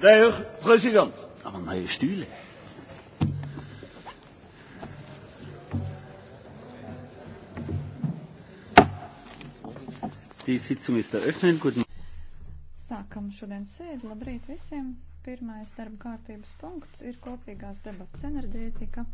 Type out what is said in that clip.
De heer president. Aber neue Stühle. Die Sitzung ist eröffnet. Guten Sākam šodien sēdi. Labrīt visiem. Pirmais darba kārtības punkts ir kopīgās debats enerģētika.